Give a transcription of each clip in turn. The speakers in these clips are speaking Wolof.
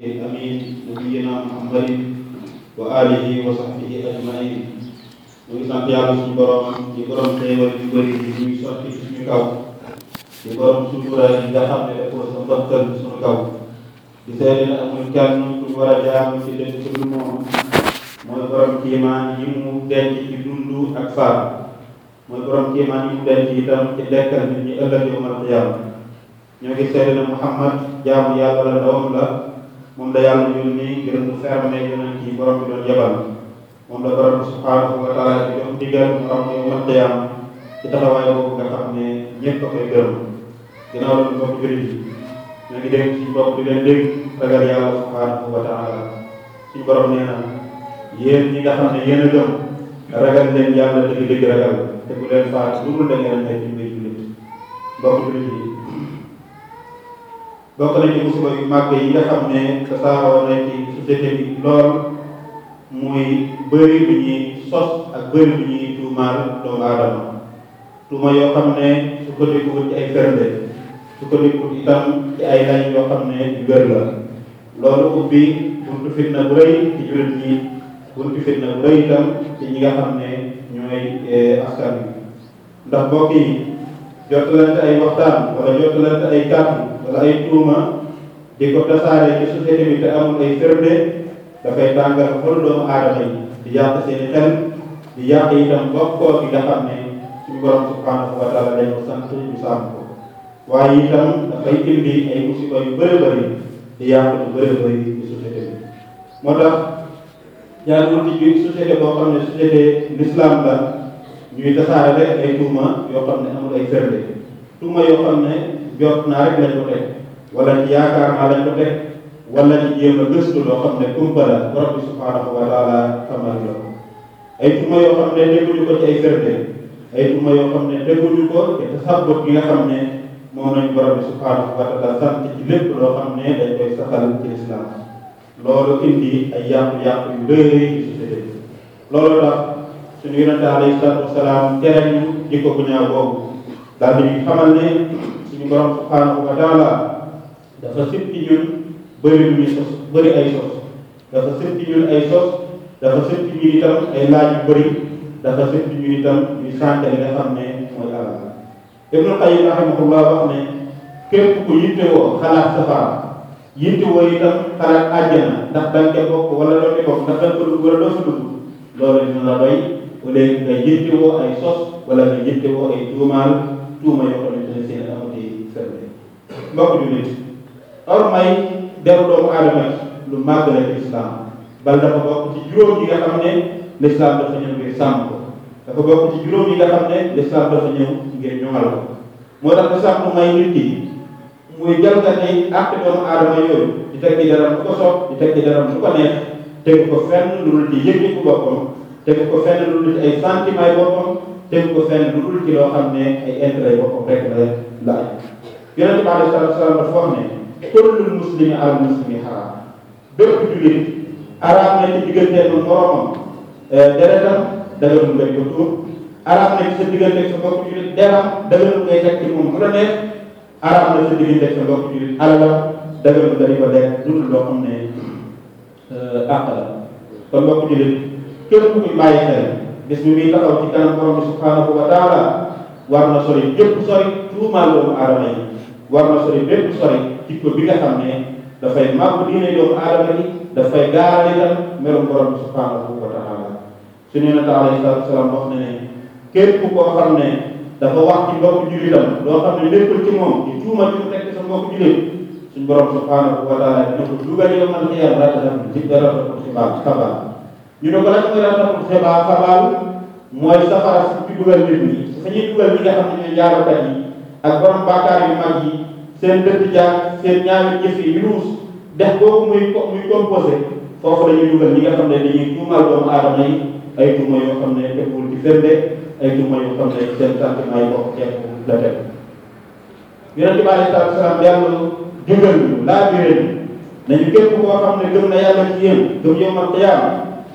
الأمين نبينا محمد وآله وصحبه أجمعين ñu ngi sant yàlla suñu borom di borom xéewal yu bëri yi ñuy sotti suñu kaw di borom sutura yi nga xam ne dafa sa mbëkkal suñu kaw di seede ne amul kenn ku war a jaamu ci dëkk ci lu moom mooy borom kiimaan yi mu denc ci dund ak faar mooy borom kiimaan yi mu denc itam ci dekkal nit ñi ëllëg yow mal qiyaama ñoo ngi seede ne Muhammad jaamu yàlla la doom la moom la yàlla yónni ngir mu ferme yonent yi borom bi doon yebal moom la borom subhaanahu wa taala di jox ndigal mu am yawmal qiyaama ci taxawaay boobu nga xam ne ñëpp a koy gërëm ginnaaw loolu mbokk jullit yi ñu ngi dégg ci mbokk di leen dégg ragal yàlla subhaanahu wa taala suñu borom nee na yéen ñi nga xam ne yéen a gëm ragal leen yàlla dëgg dëgg ragal te bu leen faat lu mu da ngeen ay jullit mbokk jullit yi bokk na ci musiba yu màgg yi nga xam ne tasaaroo na ci société bi lool muy bëri bu ñuy sos ak bëri bu ñuy tuumaal doomu aadama tuuma yoo xam ne su ko ay firnde su ko déglu itam ci ay lay yoo xam ne yu wér la loolu ubbi buntu fitna bu rëy ci jullit ñi buntu fitna bu rëy itam ci ñi nga xam ne ñooy eh, askan ndax mbokk yi jottalante ay waxtaan wala jottalante ay kàddu wala ay tuuma di ko tasaare ci société bi te amul ay firnde dafay tàngal xol doomu aadama yi di yàq seen i xel di yàq itam bokkoo bi nga xam ne suñu borom subhanahu wa taala dañ ko sant ñu ko waaye itam dafay indi ay musiba yu bëri bëri di yàq lu bëri bëri bi moo tax jaarul ci biir société boo xam ne société l'islam la ñuy tasaare rek ay tuuma yoo xam ne amul ay firnde tuuma jot naa rek lañ ko teg wala ci yaakaar naa lañ ko teg wala ci a gëstu loo xam ne kumpa la borom bi subhaanahu wa taala xamal la ko ay tuma yoo xam ne teguñu ko ci ay firnde ay tuma yoo xam ne teguñu ko te tasabut gi nga xam ne moom lañ borom subhaanahu wa taala sant ci lépp loo xam ne dañ koy saxal ci islam loolu indi ay yàqu-yàqu yu bëri ci loolu tax suñu yonente alayhi salaatu wasalaam tere ñu jikko bu ñaaw boobu daal di xamal ne suñu borom subhaanahu wa taala dafa sib ci ñun bëri sos bëri ay sos dafa sib ci ay sos dafa sib ci ñun itam ay laaj yu dafa sib ci ñun itam ñu sànq li xam ne mooy alal Ibnu Qayyim rahimahullah wax ne képp ku yitte woo xalaat safara yitte woo itam xalaat àjjana ndax da nga bokk wala doo ci bokk ndax da ko dugg wala doo ci dugg loolu la doy au lieu nga yitte woo ay sos wala nga yitte woo ay tuumaal tuuma yoo mbokk jullit or may deru doomu aadama lu màgg la ci lislaam bal dafa bokk ci juróom yi nga ne lislaam dafa ñëw ngir sàmm ko dafa bokk ci juróom yi nga xam ne lislaam dafa ñëw ngir ñoŋal ko moo tax lislaam mu may nit ki muy jalgati ak doomu aadama yooyu di teg ci daram bu ko soob di teg ci daram bu ko neex tegu ko fenn lu dul ci yëg-yëgu boppam tegu ko fenn lu dul ci ay sentiment boppam tegu ko fenn lu dul ci loo xam ne ay intérêt boppam rek yonent bi aleyhi salaatu salaam dafa wax ne kullul muslimi al muslimi xaraam bépp jullit araam na ci digganteeg ak moromam eh, deretam daganul ngay ko tuur araam na ci sa digganteeg sa mbokk jullit deram daganul ngay teg ci moom bu la neex araam na sa digganteeg sa mbokk jullit alalam daganul nga di ko lekk dund loo xam ne eh, àq la kon mbokk jullit képp ku muy bàyyi xel bis bi muy taxaw ci kanam borom bi subhaanahu war na sori jëpp sori tuumaal doomu aadama yi war na sori bépp sori bi nga xam ne dafay màgg diine doomu aadama dafay gaarale itam merum borom bi subhanahu wa taala suñu yonent alayhi salaatu wasalaam wax na ne képp koo xam ne dafa wax ci mbokku jullitam loo xam ne léppul ci moom di tuuma ci mu teg sa mbokku jullit suñu borom subhanahu wa taala dina ko dugal yow man ci yàlla dara dara dara ko xibaar xabaar ñu ne ko lan mooy dara ko xibaar xabaar mooy safara si ci dugal nit ñi fa ñuy dugal ñi nga xam ne ñooy jaarukat yi ak borom bàkkaar yu mag yi seen dëkk jaar seen ñaawi jëf yi ruus dex boobu muy muy composé foofu la ñuy dugal ñi nga xam ne dañuy tuumal doomu aadama yi ay tuuma yoo xam ne tegul ci ay tuuma yoo xam ne seen sentiment yi bokk ceeb la teg yonente bi alei salatu salaam yàlla jugal ñu laa biré ñu nañu ne gëm na yàlla ci yéen gëm yow man qiyaama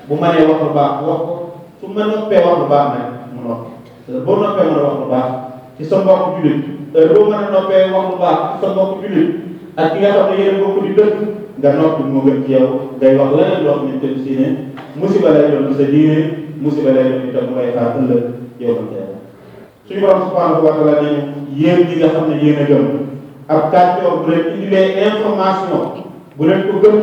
bu mënee wax lu su ma noppee wax lu baax nag mu noppee a wax lu baax ci sa mbokk jullit boo a noppee wax lu baax ci sa mbokk jullit ak ki nga xam ne yéen bokk di dëkk nga noppi moo gën ci yow ngay wax leneen loo xam ne tëdd si ne musiba lay doon sa diine musiba lay doon itam mu lay xaar ëllëg yow man teel suñu borom subhanahu wa taala ne yéen ñi nga xam ne yéen a gëm ab kàccoor bu leen indilee information bu leen ko gëm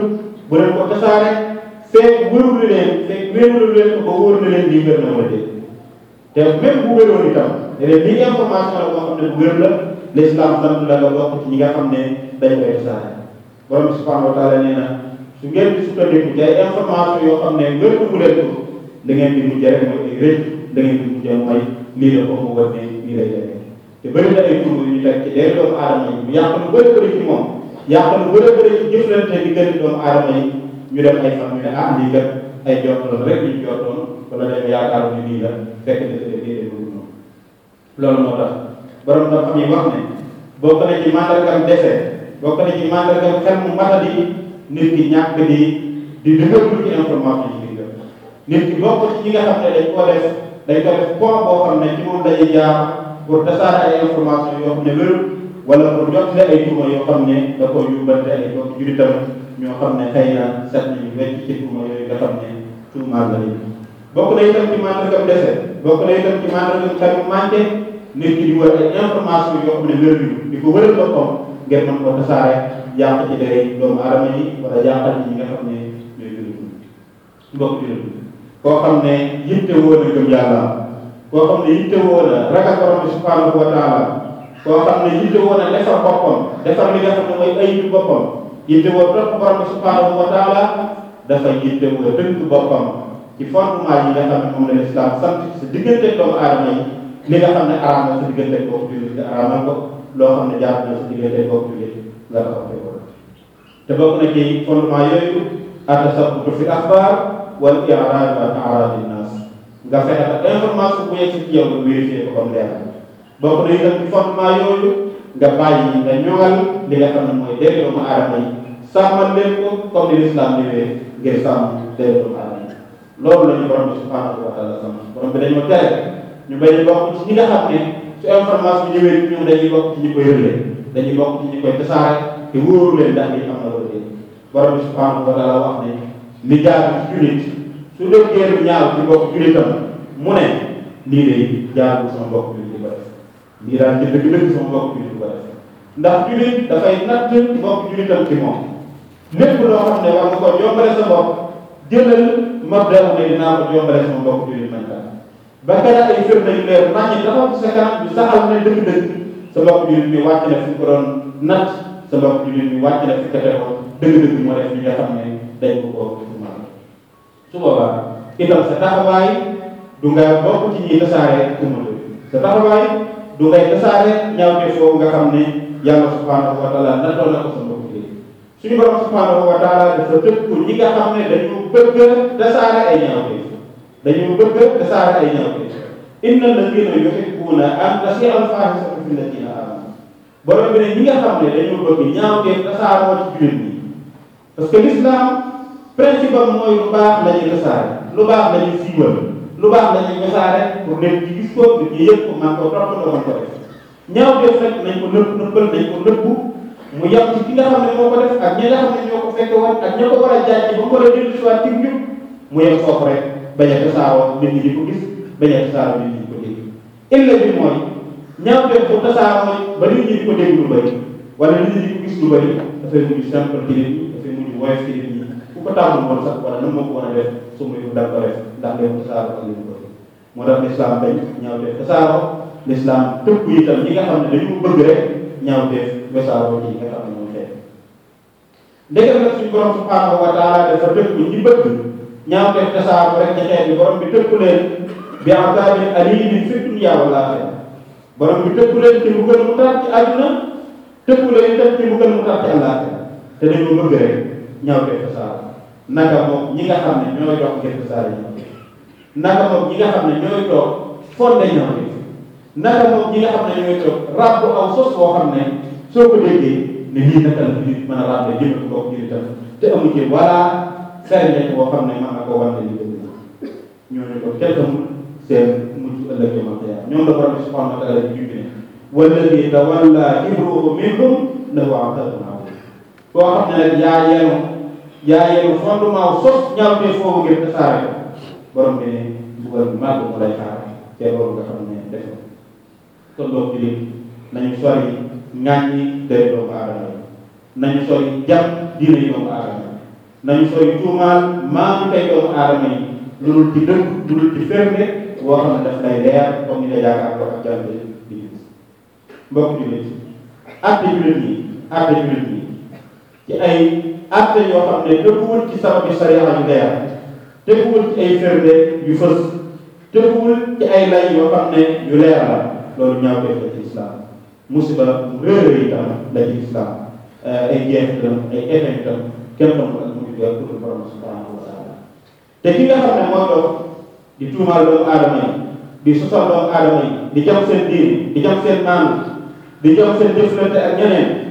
bu leen ko tasaare feeg wóorul leen feeg wóorul leen ba wóor na leen lii wér na wala déet te même bu wéroon itam ne leen lii information la boo ne bu la l'islam la nga bokk ci ñi nga xam ne dañ koy tasaare borom subhanahu wa taala nee na su ngeen di sukkandiku ci ay information yoo xam ne wér bu leen ko da ngeen di mujj rek mooy rëcc da ngeen di mujj mooy lii la ko mu war ne nii lay demee te bëri na ay tur yu ñu teg ci day doomu aadama yi mu yàq lu bëri bëri ci moom yàq lu bëri bëri ci jëflante diggante doomu aadama yi ñu dem ay fan ñu ne ah lii kat ay jortoon rek ñu jortoon wala dañu yaakaaru ni lii fekk na déedéet boobu loolu moo tax na xam yi wax ne bokk na ci mandargam bokk na ci mandargam xel mu matadi nit ki ñàkk di di dëgërlu ci information yi di nit ki bokk ci ñi nga xam ne dañ ko def dañ ko def point boo xam ne ci moom dañuy wala mu jot la ay tuuma ne da ko yóbbante ay bopp jullitam ñoo xam ne xëy set nañu wecc ci tuuma yooyu nga xam ne tuumaal la leen bokk na itam ci maanaam dese bokk na itam ci maanaam xamu manqué nit ki di wër ay information yoo xam ne wér di ko wëral boppam ngeen mën ko tasaare yàq ci dere doomu aadama yi wala yàqal ñi nga xam ne ñooy jullit mbokk jullit koo ne yitte woo na gëm yàlla ne yitte woo na ragal borom subhanahu wa taala koo xam ne yittewoo na defar boppam defar li nga xam ne mooy ayibu boppam yittewoo topp borom subhanahu wa taala dafa yittewoo dënk boppam ci fondement yi nga xam ne moom la lislaam sant diggante doomu aadama yi li nga ne araam na diggante boobu jullit nga araamal ko loo xam ne jaar na sa diggante boobu jullit nga taxawte te bokk na ci fondement yooyu atasabutu fi axbaar wal iraad an araadi naas nga fexe ba information bu yegg si ci yow nga vérifié ko comme leer bokk na itam fondement yooyu nga bàyyi nga ñoŋal li nga xam ne mooy dee doomu aadama yi sàmmal leen ko comme ni lislaam ñëwee ngir sàmm dee doomu loolu la ñu borom bi subhanahu wa taala sama borom bi dañoo tere ñu bañ a bokk ci ñi nga xam ne su information bi ñëwee ñoom dañuy bokk ci ñi koy yëlee dañuy bokk ci ñi koy tasaare te wóoru leen ndax lii am na wala déet borom bi subhanahu wa taala wax ne li jaar julit su déggee lu ñaaw ci lii daal di dëgg lépp sama mbokk jullit ko def ndax jullit dafay natt mbokk jullitam ci moom lépp loo xam ne war nga ko yombale sa bopp jëlal mabda ne dinaa ko yombale sama mbokk jullit man daal ba kara ay firnde yu leer naññi dafa sa kanam bi saxal ne dëgg-dëgg sa mbokk jullit bi wàcc na fi ko doon natt sa mbokk jullit bi wàcc na fi ko defoon dëgg-dëgg moo def li nga xam ne dañ ko ko mën su boobaa itam sa taxawaay du nga bokk ci ñi tasaare kumul sa taxawaay du xëy tasaare ñaawteef foofu nga xam ne yàlla subhanahu wa taala nattoon na ko sa mbokk yi suñu borom subhanahu wa taala dafa tëkku ñi nga xam ne dañu bëgg a tasaare ay ñaawteef dañu bëgg a tasaare ay ñaawteef inna alladina yuhibbuuna an tasia alfahisatu fi alladina amanu borom bi ne ñi nga xam ne dañu bëgg ñaawteef tasaaroo ci jullit ñi parce que l'islam principe am mooy lu baax la ñuy tasaare lu baax la ñuy siiwal lu baax dañuy ñasaare pour nit ñi gis ko nit ñi yëpp ko man ko topp ko man ko def ñaaw def rek nañ ko nëbb nëbbal nañ ko nëbbu mu yàq ci ki nga xam ne moo ko def ak ñi nga xam ne ñoo ko fekke woon ak ña ko war a jaay ba mu war a dellu si waat ci ñun mu yem foofu rek bañ a tasaaroo nit ñi di ko gis bañ a tasaaroo nit ñi di ko dégg illa bi mooy ñaaw def bu tasaaroo ba nit ñi di ko dégg lu bëri wala nit ñi di ko gis lu bëri dafay mujj simple ci nit ñi dafay mujj woyof ci nit ñi ko tàmm woon sax wala nan moo ko war a def su ma yëngu da ko def ndax day ko saaro ak li ñu bëgg moo tax lislaam dañ ñaaw def tasaaro lislaam tëpp yi tam ñi nga xam ne dañu bëgg rek ñaaw def tasaaro ci ñi nga xam ne moom def ndegam nag suñu borom subhanahu wa taala dafa dëkk ñi bëgg ñaaw def tasaaro rek ci xeet bi borom bi tëpp leen bi azabi alimin fi dunya wal axira borom bi tëpp leen mu tar ci àdduna tëpp leen itam ci mbugal te dañu bëgg naka moom ñi nga xam ne ñooy dox ngir tasaare ñi naka nga xam ne ñooy toog fonde ñoo bi naka moom ñi nga xam ne ñooy toog ràbb aw sos boo xam ne soo ko déggee ne lii naka la ñu mën a ràbb jëm ci bopp jëri te amu ci voilà xeer boo xam ne mën na ko wante li dëgg ñooñu ko kenn xamul seen mujj ëllëg yawmal qiyaama ñoom la borom bi subhaanahu wa taala di jubbi ne walladi tawalla kibrahu minhum lahu adabun aziim koo xam ne nag yaa yenu yaayeelu fondement sos ñaaw te foofu ngir tasaare ko borom bi ne mbugal bu màgg lay xaar te loolu nga ne def na kon loolu jullit nañu sori ŋàññi day doomu aadama yi nañu sori jàpp diine yi doomu aadama yi nañu sori tuumaal maam tey doomu aadama yi lu dul ci dëkk lu dul ci firnde boo xam ne daf lay leer comme ni nga yaakaar ko ak jàll di gis mbokk acte yoo xam ne dëppuwul ci sababi sariya yu leer dëppuwul ci ay firnde yu fës dëppuwul ci ay lay yoo xam ne yu leer loolu ñaaw koy la ci islam musiba mu réer yi tam la ci islam euh, ay jeexitam ay effet tam kenn xamul ak mu ngi doon pour borom subhanahu wa taala te ki nga xam ne moo doon di tuumaal doomu aadama yi sosal doomu aadama yi di jam seen diin di jam seen naan di jam seen jëflante ak ñeneen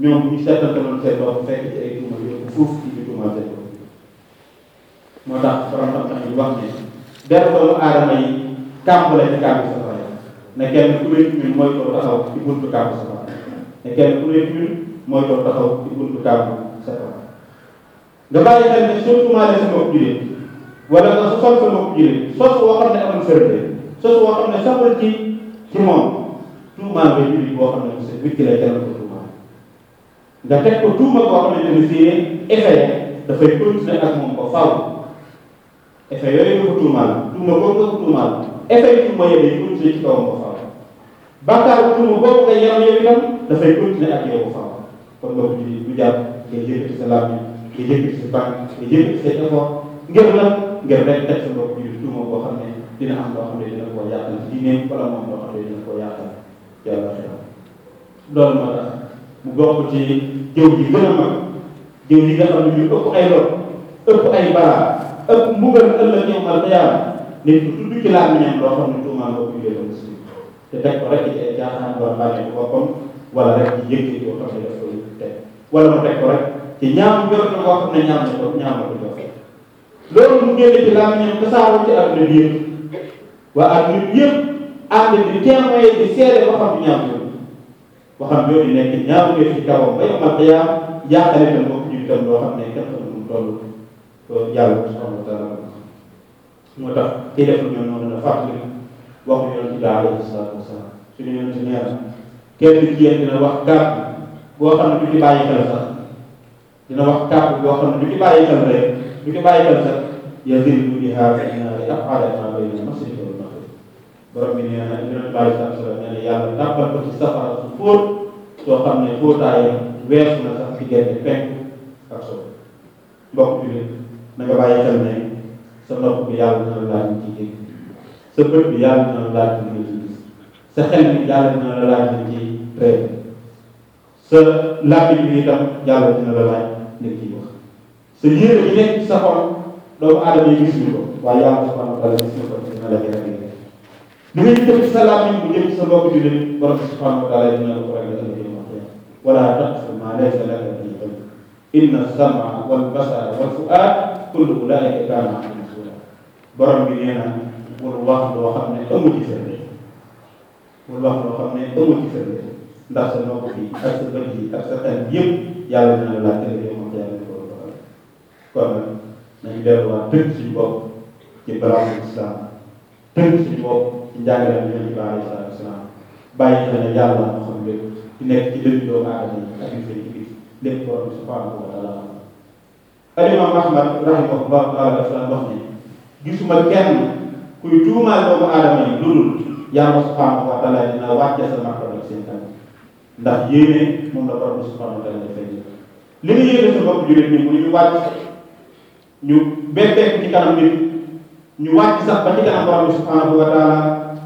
ñoom ñu seetantaloon seen bopp fekk ci ay tuuma yëpp fuuf ci ñu tuuma seen bopp moo tax borom xam wax ne benn doomu aadama yi kàmb la ci kàmb safara ne kenn ku leen ñun mooy ko taxaw ci buntu kàmb safara ne kenn ku leen ñun mooy ko taxaw ci buntu kàmb safara nga bàyyi xel ne soo tuumaalee sa bopp jullit wala nga sosal sa bopp jullit sos boo xam ne amoon firnde sos boo xam ne saxul ci ci moom tuumaa nga jullit boo xam ne sa witti la nga teg ko tuuma koo xamante ni fii effet dafay continuer ak moom ko faaw effet yooyu nga ko tuumaal tuuma boobu nga ko tuumaal effet yi tuuma yooyu yi continuer ci kawam ko faaw bàkkaaru tuuma boobu nga yaram yow itam dafay continuer ak yow ko faaw kon nga ko ji du jàpp nga yëkkati sa laaj nga yëkkati sa bànq nga yëkkati sa effort ngir lan ngir rek teg sa bopp ji tuuma boo ne dina am loo ne dina koo yàqal diineem wala moom loo xam ne dina koo yàqal yàlla xew loolu moo mu bokk ci jëw ji gën a mag jëw ji nga xam ne ñu ëpp ay lor ëpp ay balaa ëpp mbugal ëllëg ñoom al qiyaama nit ku tudd ci laa ñam loo xam ne tuumaal ko bu yéene muslim te teg ko rek ci ay jaaxaan wala bàyyi ko boppam wala rek ci yëkkati ko xam ne daf koy teg wala mu teg ko rek ci ñaam jot na koo xam ne ñaam na ko ñaam na ko jox loolu mu génne ci laa ñam tasaaroo ci àdduna bi yëpp waa ak nit yëpp ànd di témoin di seede ba xam ñaam boo xam ñoo di nekk ñaaw ñoo ci kawam ba yomal xiyaam yaakaar itam mbokk ñu itam loo xam ne kenn xamul mu toll yàlla subhanahu wa taala moo tax kii def ñoom noonu na fàttali waxu yonent bi alayhi salaatu wasalaam suñu yonent nee na kenn ci yéen dina wax kàddu boo xam ne du ci bàyyi xel sax dina wax kàddu boo xam ne du ci bàyyi xel rek du ci bàyyi xel sax yadribu bihaa baynana li yaf'ala maa bayna borom bi nee na ñu bàyyi sa solo nee na yàlla tàbbal ko ci safara su fóot soo xam ne fóotaayam weesu na sax diggante penk ak so mbokk jullit na nga bàyyi xel ne sa nopp bi yàlla dina la laaj ci dégg sa bët bi yàlla dina la laaj ci gis sa xel bi yàlla dina la laaj ci réew sa làmmiñ bi itam yàlla dina la laaj nga ciy wax sa yére yi nekk sa xol doomu aadama yi gis ñu ko waaye yàlla subhanahu wa taala gis ñu ko dina la li ngay def sa làmmiñ bu jëm sa bopp di leen borom subhanahu wa taala dina la ko ragal ëllëg wax dëgg wala taqfu ma laysa laka bihi ilm inna samaa wal basara wal fuaad kullu ulaika kaana anhu masuula borom bi nee na bul wax loo xam ne amu ci firnde bul wax loo xam ne amu ci firnde ndax sa nopp bi ak sa bët yi ak sa xel yëpp yàlla dina la laaj ëllëg wax dëgg ko kon nañu delluwaat tënk suñu bopp ci balaamu islam tënk suñu bopp. ci njàngaleem yonent bi alayhi salaatu wasalaam bàyyi xel ne yàlla moo xam lépp di nekk ci dënnu doomu aadama yi ak yu fay ci biir lépp borom bi subhaanahu wa taala al imam Ahmad rahimahullahu taala dafa wax ni gisuma kenn kuy tuumaal doomu aadama yi lu dul yàlla subhaanahu wa taala dina wàcce sa martaba seen kanam ndax yéene moom la borom bi subhaanahu wa taala dafay li nga yéene sa bopp jullit ñi mu ñu wàcc ñu bébbeeku ci kanam nit ñu wàcc sax ba ci kanam borom bi subhanahu wa taala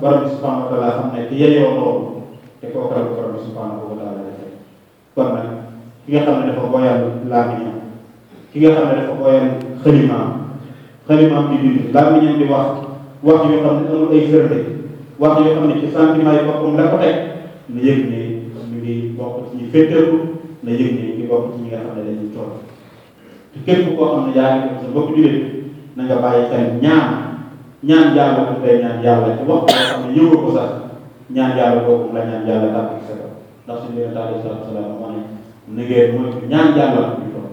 borom bi subhanahu wa taala xam ne te yeyoo loolu te kooku la borom bi subhanahu wa taala defee ki nga xam ne dafa boyal ki nga xam ne dafa boyal xëlimaam xëlimaam di bind làmmiñam di wax wax yoo xam ne amul ay firnde wax yoo xam ne ci sentiment yi boppam la ko teg na ngi bokk ci ñu na yëg ne ñu ngi bokk ci ñi nga xam ne dañuy toog te képp koo xam ne yaa ngi sa bokk na nga bàyyi xel ñaan ñaan yàlla bu dee ñaan yàlla ci wax boo xam ne yëngu ko sax ñaan yàlla boobu la ñaan yàlla tàbbi ci sa kaw ndax suñu yonent alayhi salaatu salaam moo ne ni ngeen moytu ñaan yàlla bu ñu toll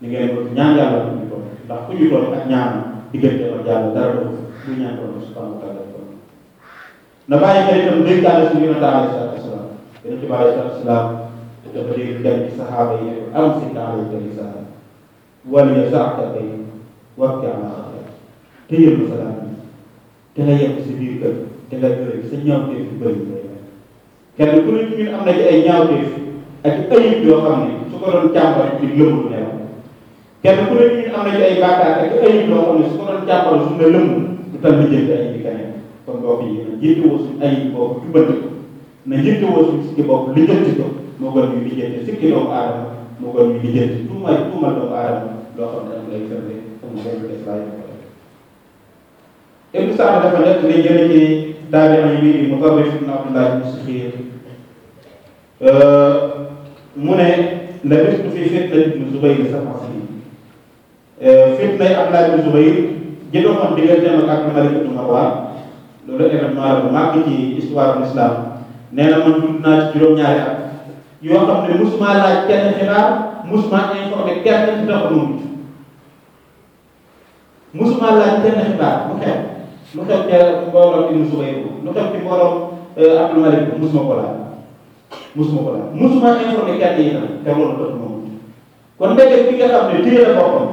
ni ngeen moytu ñaan yàlla bu ñu toll ndax ku ñu toll ak ñaan diggante ak yàlla dara du ñu ñaan ko subhanahu wa taala na bàyyi xel itam déggaale suñu yonent alayhi salaatu salaam yonent bi alayhi salaatu salaam dafa dégg kenn ci saxaaba yi am si daal yi wala ya saxta wàcc naa la te yéen a salaam te la yem si biir kër te la gërëm sa ñaawteef yu bëri lay mel kenn ku ne ci ñun am na ci ay ñaawteef ak ayib yoo xam ne su ko doon càmbal ci lëmu du neew kenn ku ne ci ñun am na ci ay bàkkaar ak ayib yoo xam ne su ko doon càmbal su nga lëmu du tal di jënd ayib yi keneen kon mbokk yi na njëkkewoo suñu ayib boobu jubbanti ko na njëkkewoo suñu sikki boobu lijjanti ko moo gën ñu lijjanti sikki doomu aadama moo gën ñu lijjanti tuumal tuumal doomu aadama loo xam ne am lay ferre ñu def bàyyi ko Ibnu Saad dafa nekk li jëlee ci taabiin bii di Mutarrif ibn Abdullah ibn Saxiir euh, mu ne labistu fi fitna ibn Zubayr sab'a siniin euh, fitna Abdullah ibn Zubayr jëloon digganteem ak Malik ibn Marwan loolu événement la bu màgg ci histoire de l'islam nee na man dund naa ci juróom-ñaari at yoo xam ne musuma laaj kenn xibaar musuma informé kenn ci taxawu musuma laaj kenn xibaar lu xew lu xew ca mbooloo ibnu Zubayr lu xew ci mbooloo euh, Abdul Malik musuma ko laaj musuma ko laaj musuma informé kenn yi nag te loolu dëgg moom kon ndeket bi nga xam ne téye la boppam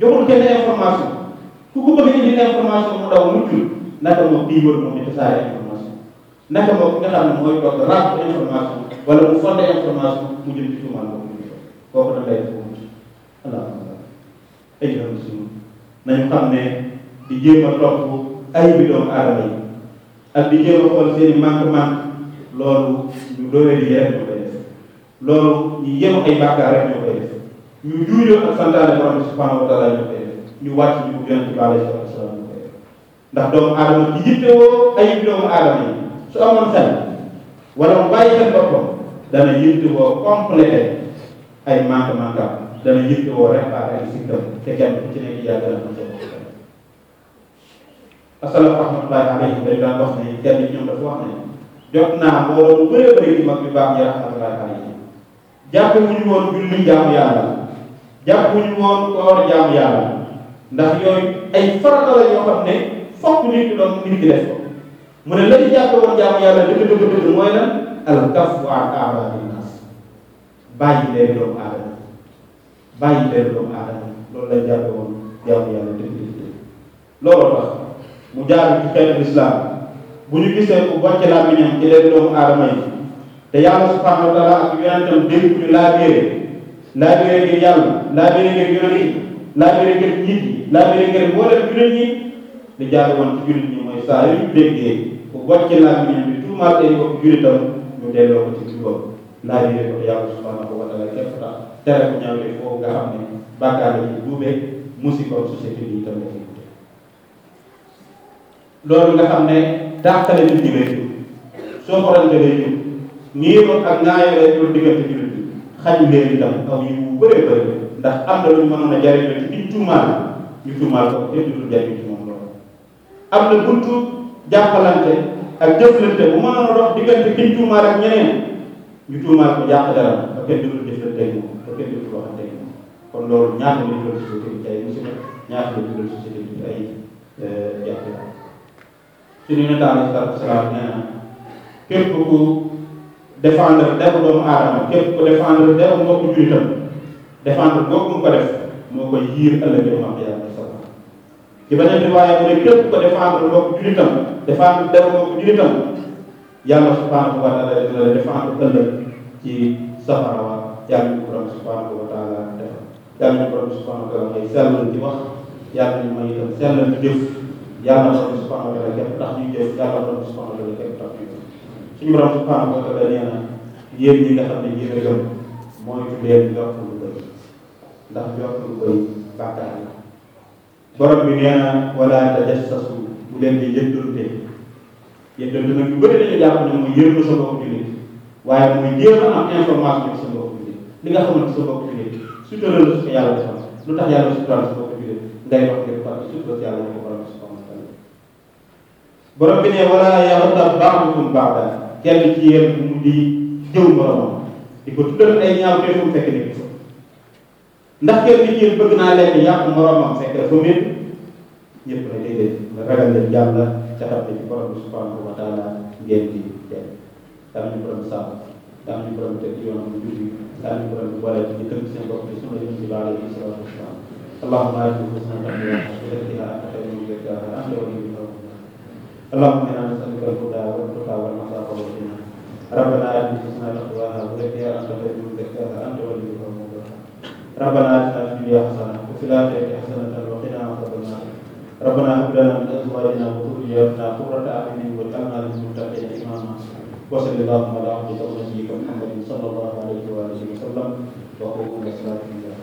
joxul kenn information ku ko bëgg indi information mu daw mucc naka moom bii wër moom di tasaare information naka moom nga xam ne mooy toog ràpp information wala mu fonde information mu jëm ci tuumal boobu kooku da ngay foofu alhamdulilah ay nañ xam ne di jéem a topp ay bi doomu aadama yi di jéem a xool seen i manque-manque loolu yu doole di yeer ñu loolu ñu yem ay bàkkaar rek ñoo koy def ñu juuyoo ak santaane borom bi subhanahu wa taala ñoo koy def ñu wàcc ñu ko yonent bi alayhi salaatu wasalaam ñoo koy def ndax doomu aadama ci ay bi doomu aadama yi su amoon xel wala mu bàyyi xel boppam dana yittewoo complété ay manque-manque dana yittewoo réparé ay système te kenn ku ci nekk yàlla dana mën ca bokk kenn. asalaamaaleykum rahmatullahi alayhi daan wax ne kenn ñoom dafa ne jot naa mbooloo bu bëree bëri ci mag bi baax yi rahmatullahi alayhi jàpp wuñu woon julli jaamu yàlla jàpp wuñu woon koor jaamu ay farata la yoo xam ne fokk nit ki doon nit ki def ko mu ne lañu jàpp woon jaamu yàlla dëgg dëgg dëgg mooy lan al kafu an aadaati naas bàyyi leen doomu aadama bàyyi leen doomu aadama loolu lay jàppe woon jaamu yàlla définitivement loolu tax mu jaar ci xeetu islam bu ñu gisee ku wàcce laa bi ñam ci leen doomu aadama yi te yàlla subhanahu wa taala ak yonentam dégg ñu laa béere laa béere ngir yàlla laa béere ngir yonent yi laa béere ngir njiit laa béere ngir mboolem jullit ñi li jaar woon ci jullit mooy saa yu ñu déggee ku wàcce laa bi ñam bi tuumaal ay bopp jullitam ñu delloo ko ci bopp laaj yooyu ko yàlla subhanahu a taala képp tax tere ko ñaaw yi foofu nga xam ne bàkkaar la ñuy duubee musikoom société bi itam la ñuy loolu nga xam ne dàqale nit ñi lay jur soo xoolal da lay jur nii loolu ak ñaari lay jur diggante jullit bi xañ leen itam aw yu bëree bëri ndax am na lu ñu a jariñoo ci biir tuumaal ñu tuumaal ko te du loolu am na buntu jàppalante ak jëflante bu mënoon a dox diggante biir tuumaal ak ñu tuumaal ko yàq dara ba kenn dootul jëfandikoo moom ba kenn dootul waxante moom kon loolu ñaata la dugal société bi tey musiba ñaata la dugal société bi ay jafe-jafe. Euh, suñu nataal salaatu salaam nee na képp ku défendre deru doomu aadama képp ku défendre deru mbokku jullitam défendre boobu mu ko def moo koy yiir ëllëg yoo xam ne yàlla sa ci beneen bi waaye mu ne képp ku défendre mbokku jullitam défendre deru mbokku jullitam. yàlla subhaanahu wa taala dina la défendre ëllëg ci safara wa yàlla ñu borom subhaanahu wa taala defal yàlla ñu borom subhaanahu wa taala may sellal ci wax yàlla ñu may itam sellal ci jëf yàlla borom subhaanahu wa taala képp tax ñu jëf yàlla borom subhaanahu wa taala képp tax ñu jëf suñu borom subhaanahu wa taala nee na yéen ñi nga xam ne yéen a gëm mooy leen yokk lu bëri ndax yokk lu bëri bàkkaar la borom bi nee na wala tajassasu bu leen di yëddulute yéen tamit nag ñu bëri dañu jàpp ne mooy yéem na sa bopp jullit waaye mooy jéem a am information ci sa bopp jullit li nga xamante sa bopp jullit sutural la su ko yàlla defal lu tax yàlla sutural sa bopp jullit ngay wax ngir par sutural yàlla ko borom subhanahu wa taala borom bi ne wala yaxtab ba'dukum ba'dan kenn ci yéen bu mu di jëw moromam di ko tuddal ay ñaaw te fu mu fekk ni ko ndax kenn nit yéen bëgg naa leen yàq moromam fekk dafa mel ñëpp na déedéet ragal leen yàlla ca xam ne ci borom bi subhanahu ngeen di dem yàlla ñu borom sàmm yàlla ñu borom teg yoonam ñu jubbi yàlla ñu borom boole ñu tënk seen bopp ci sunna yonent bi alayhi salaatu wasalaam اللهم اجعل حسنة التي لا تحل بذكرها انت ولي اللهم انا نسالك الهدى والتقى والمصاب والغنى ربنا اجعل حسنة تقواها وزكيها انت خير من زكاها انت ولي ربنا اتنا في الدنيا حسنة وفي الاخرة حسنة وقنا عذاب النار ربنا هب لنا من ازواجنا وجعلنا قرة أعين وجعلنا للمتقين إماما وصلى اللهم على عبدك ونبيك محمد صلى الله عليه وآله وسلم وقوموا بصلاة الله